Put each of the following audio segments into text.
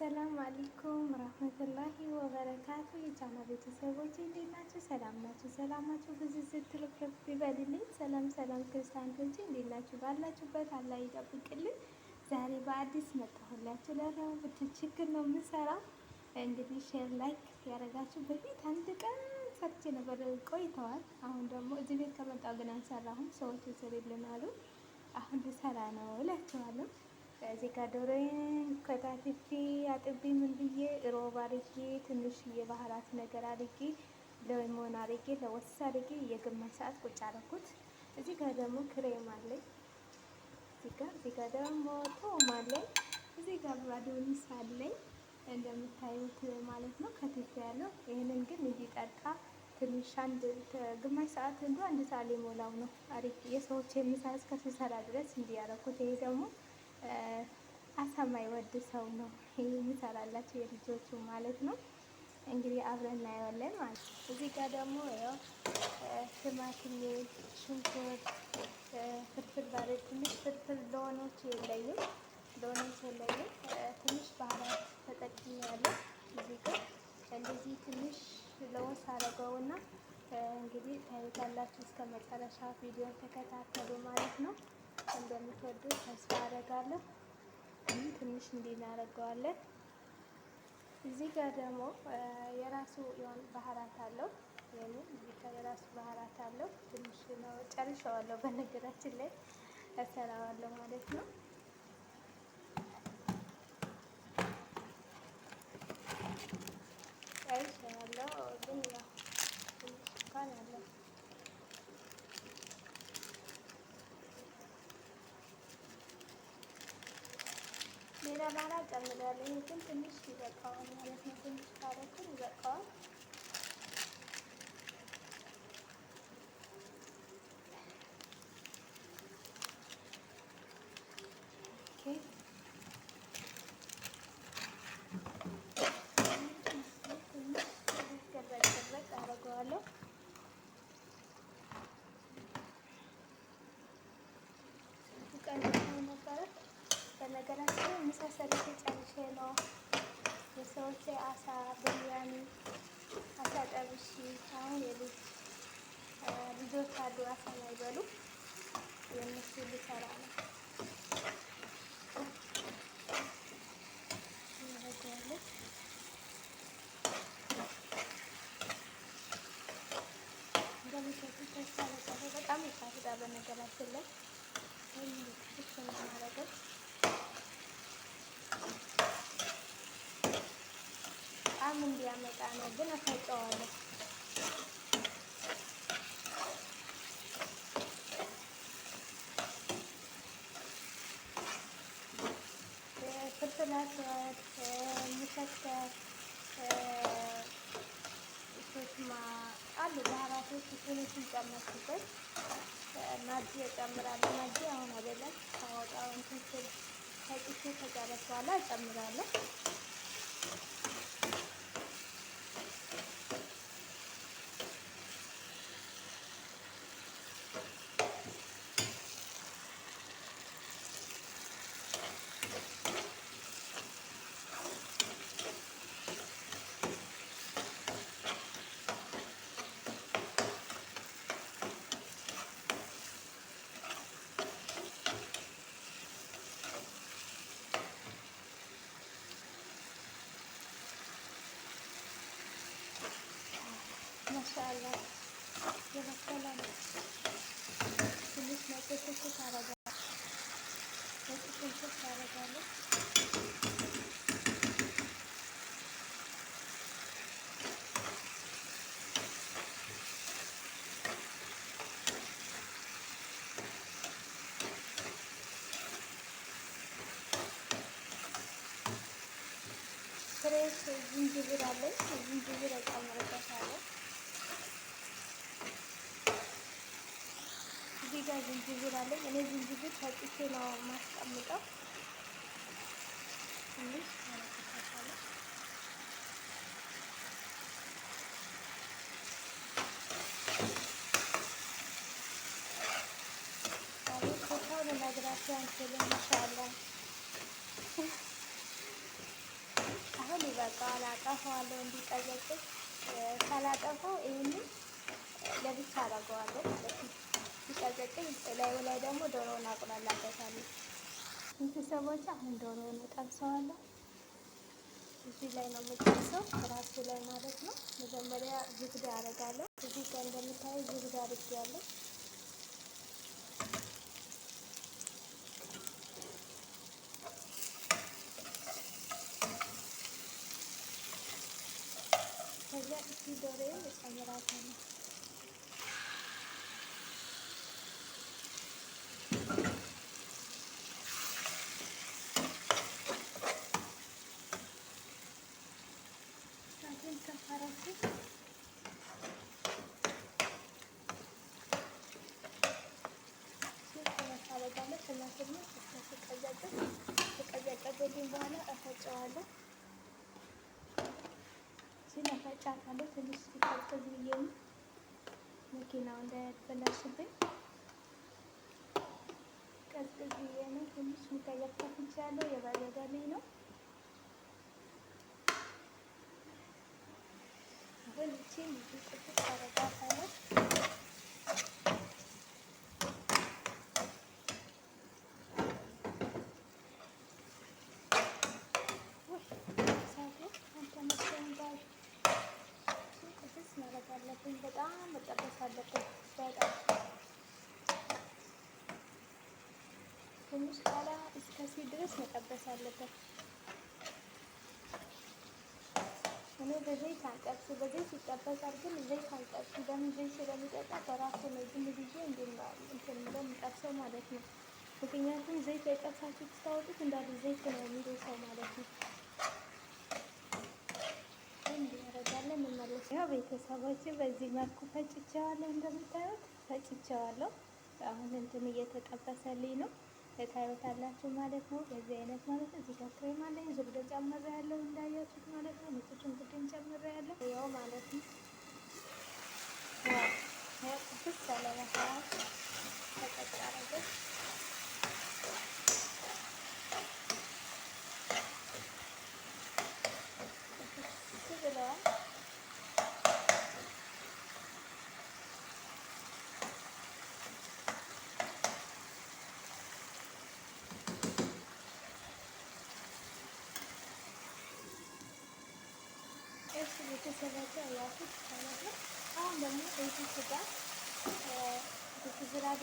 አሰላሙ አለይኩም ረህመቱላሂ ወበረካቱ። የጫማ ቤተሰቦች እንዴት ናችሁ? ሰላም ናቸው ሰላማችሁ ብዙ ስትርፍርፍ ይበልልኝ። ሰላም ሰላም፣ ክርስቲያኖች እንዴት ናችሁ? ባላችሁበት አላህ ይጠብቅልን። ዛሬ በአዲስ መጣሁላችሁ። ለረቡት ችግር ነው የምሰራው። እንግዲህ ሼር ላይክ ያደረጋችሁ በፊት አንድ ቀን ሰርቼ ነበር፣ ቆይተዋል። አሁን ደግሞ እዚህ ቤት ከመጣሁ ግን አልሰራሁም። ሰዎቹ ስር ይልናሉ። አሁን ልሰራ ነው እላችኋለሁ። እዚህ ጋር ዶሮዬን ከታትፊ አጥቢ ምን ብዬ ሮብ አድርጌ ትንሽ የባህላት ነገር አድርጌ ለሞን አድርጌ ለወስ አድርጌ የግማሽ ሰዓት ቁጭ አደረኩት። እዚህ ጋር ደግሞ ክሬም አለኝ። እዚህ ጋር እዚህ ጋር ደግሞ ቶም አለኝ። እዚህ ጋር አዶኒስ አለኝ እንደምታዩት ማለት ነው። ከትፍ ያለው ይህንን ግን እንዲጠጣ ትንሽ አንድ ግማሽ ሰዓት እንዱ አንድ ሰዓት ሊሞላው ነው። አሪፍ የሰዎች የምሳ እስከ ስሰራ ድረስ እንዲያረኩት ይሄ ደግሞ አሳ የማይወድ ሰው ነው የሚሰራላቸው የልጆቹ ማለት ነው። እንግዲህ አብረን እናየዋለን ማለት ነው። እዚህ ጋር ደግሞ ያው ቲማቲም፣ ሽንኩርት፣ ፍርፍር ባለ ትንሽ ፍርፍር ሎኖች የለኝም ሎኖች የለኝም። ትንሽ ባህራት ተጠቅሜያለሁ። እዚህ ጋር እንደዚህ ትንሽ ለወስ አረገውና እንግዲህ ታይታላችሁ እስከ መጨረሻ ቪዲዮን ተከታተሉ ማለት ነው። እንደምትወዱ ተስፋ አደርጋለሁ። ትንሽ እንዲህ እናደርገዋለን። እዚህ ጋር ደግሞ የራሱ የሆነ ባህራት አለው። እዚህ ጋር የራሱ ባህራት አለው። ትንሽ ነው ጨርሸዋለሁ። በነገራችን ላይ እሰራዋለሁ ማለት ነው። ጨርሸዋለሁ ግን ያው ትንሽ እንኳን አለው በኋላ ጨምሯል። ይሄ ግን ትንሽ ይበቃዋል ማለት ነው። ትንሽ ካረኩ ይበቃዋል። ምሳ ሰርቼ ጨርሼ ነው የሰዎች አሳ ብርያኒ አሳ ጠብሼ። አሁን የልጅ ልጆች አሉ አሳ ማይበሉ የእነሱ ልሰራ ነው። በጣም ይጣፍጣል በነገራችን ላይ በጣም እንዲያመጣ ነው፣ ግን አፈጫዋለሁ። ፍርፍላት የሚከተል ሶስማ አሉ ባህራቶች እሱን ጨመርኩበት። ማጂ እጨምራለሁ። ማጂ አሁን አይደለም ፈጭቼ ከጨረስ በኋላ እጨምራለሁ። ማሻአላ የበሰለ ነው። ትንሽ ነጭ ሽንኩርት አደርጋለሁ። ነጭ ሽንኩርት አደርጋለሁ። ፍሬሽ ዝንጅብር አለኝ። ዝንጅብር እጨምርበታለሁ። እዚህ ጋር ዝንጅብል አለኝ። እኔ ዝንጅብል ፈጭቼ ነው የማስቀምጠው። ትንሽ ልነግራችሁ አንችልም። ይሻላል አሁን ይበቃዋል። አጠፋዋለሁ እንዲቀዘቅዝ። ካላጠፋው ይህንን ለብቻ አደርገዋለሁ ማለት ነው። ሲቀዘቅዝ ላይ ላይ ደግሞ ዶሮውን እናቁላላበታለን። ቤተሰቦች አሁን ዶሮውን እጠብሰዋለሁ። እዚህ ላይ ነው የምጠብሰው ራሱ ላይ ማለት ነው። መጀመሪያ ዝግዳ አደርጋለሁ። እዚህ ጋር እንደምታየው ዝግዳ አድርጌያለሁ። ከዚያ እዚህ ዶሮውን እጨምራታለሁ አጥፍቻታለሁ። ትንሽ ሲቀጥል ብዬ ነው መኪናው እንዳያበላሽብኝ ቀዝቅዝ ብዬ ነው ትንሽ ያለው ከፍቻለሁ። የበረደልኝ ነው አሁን ይቺ ልጅ ጥፍት አረጋታለሁ መጠበስ አለበት። እኔ በዘይት አልጠብስም። በዘይት ይጠበሳል፣ ግን ዘይት አልጠብስም። ለምን ዘይት ስለሚጠጣ በራሱ ነው ዝም ብዬ እንትን ብለው የምጠብሰው ማለት ነው። ምክንያቱም ዘይት የጠብሳችሁ ስታወጡት እንዳለ ዘይት ነው የሚለው ሰው ማለት ነው። እንዲያረጋለን እንመለስ። ያው ቤተሰቦች በዚህ መልኩ ፈጭቸዋለሁ፣ እንደምታዩት ፈጭቸዋለሁ። አሁን እንትን እየተጠበሰልኝ ነው። ታዩታላችሁ ማለት ነው። በዚህ አይነት ማለት ነው። እዚህ ጋር ክሬም አለኝ ዝብደ ጨምሬ ያለው እንዳያችሁት ማለት ነው። ነጭ ሽንኩርትም ጨምሬ ያለው ያው ማለት ነው። ያው ያው ጥፍት ያለ ተቀጫረገ ጥብስ የተዘጋጀ ያሱት ማለት አሁን ደግሞ እዚህ ስጋ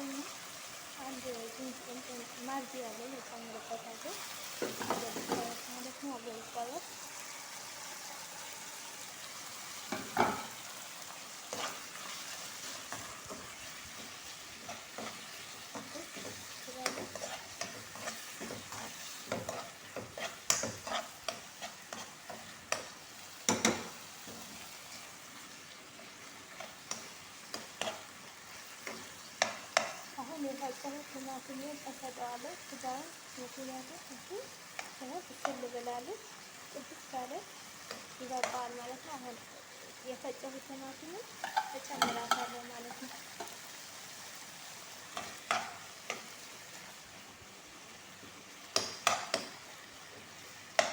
ደግሞ አንድ ማርዚ ያለው የጨምርበታለሁ ማለት ነው ይባላል። ቲማቲሙን እፈጨዋለሁ። ስጋውን የቲማቲም እሱ ትንሽ እችል ብላለች ጥብስ ካለ ይበቃዋል ማለት ነው። አሁን የፈጨሁት ቲማቲሙን እጨምራታለሁ ማለት ነው።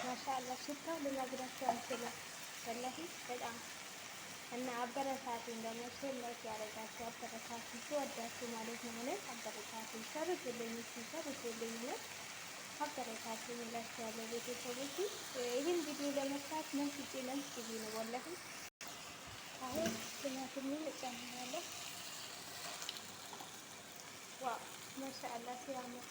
ማሻአላ ሽታው ልነግራችሁ አልችልም። ወላሂ በጣም እና አበረታቱ ደግሞ ላይክ ያደረጋቸው አበረታቱ ሲወዳችሁ ማለት ነው። ማለት አበረታቱ ሰርቱልኝ፣ እሱ ሰርቱልኝ ነው አበረታቱ እላችኋለሁ። ቤተሰቦች ይህን ቪዲዮ ለመስራት ምን ስጪ ምን ስጪ ነው ወላሂ። አሁን ቲማቲሙን እጨምራለሁ። ዋ ማሻአላ ሲያምር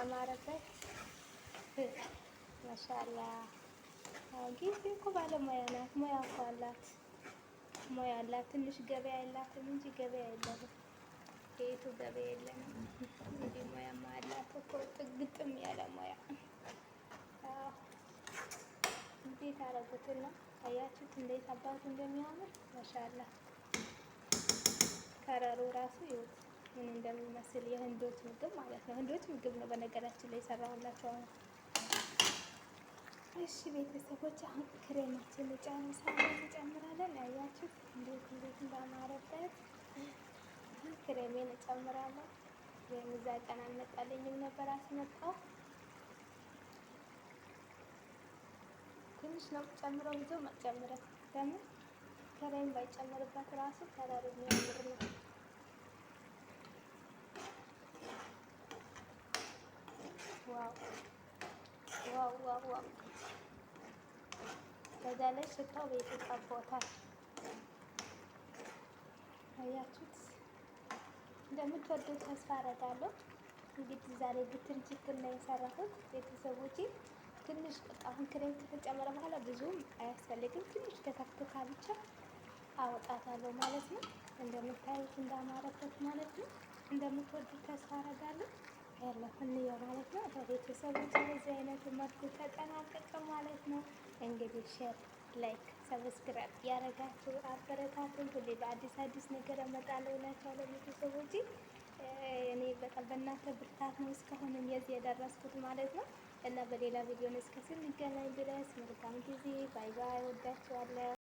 ያማረበት ማሻላ። ጊዜ እኮ ባለሙያ ናት። ሙያ እኮ አላት። ሙያ አላት። ትንሽ ገበያ የላትም እንጂ ገበያ የለም የቱ ገበያ የለም እንጂ ሙያማ አላት እኮ ግጥም ያለ ሙያ። እንዴት ነው አያችሁት? እንዴት አባቱ እንደሚያምር ማሻላ። ከረሩ ራሱ ይወት ምን እንደሚመስል የህንዶች ምግብ ማለት ነው። ህንዶች ምግብ ነው በነገራችን ላይ የሰራሁላቸው። እሺ ቤተሰቦች አሁን ክሬማችን ልጨምሳለን እንጨምራለን። አያችሁ እንዴት እንዴት እንዳማረበት ክሬሜን እጨምራለሁ። ወይም እዛ ቀን አልመጣልኝም ነበር አስመጣው። ትንሽ ነው ጨምረው ይዞ መጨምረት ለምን ክሬም ባይጨምርበት ራሱ ከለሩ የሚያምር ነው። ዋው ዋው በዛ ላይ ሽታው ቤት ጠቦታል። አያችሁት? እንደምትወዱት ተስፋ አደርጋለሁ። እንግዲህ ዛሬ ብትን ችክን ነው የሰራሁት ቤተሰቦቼ። ትንሽ በቃ አሁን ክሬም ከተጨመረ በኋላ ብዙም አያስፈልግም። ትንሽ ተከፍቶ ብቻ አወጣታለሁ ማለት ነው። እንደምታዩት እንዳማረበት ማለት ነው። እንደምትወዱ ተስፋ አደርጋለሁ። ያለሁን ማለት ነው። በቤተሰቦች እንደዚህ አይነት መልኩ ተጠናቀቀ ማለት ነው። እንግዲህ ሼር፣ ላይክ፣ ሰብስክራይብ ያደረጋችሁ አበረታቱን። ሁሌ በአዲስ አዲስ ነገር እመጣለሁ እላቸዋለሁ ቤተሰቦች። እኔ በጣም በእናንተ ብርታት ነው እስካሁንም የዚህ የደረስኩት ማለት ነው እና በሌላ ቪዲዮ እስከ ስንገናኝ ድረስ መልካም ጊዜ። ባይ ባይ። ወዳችኋለሁ።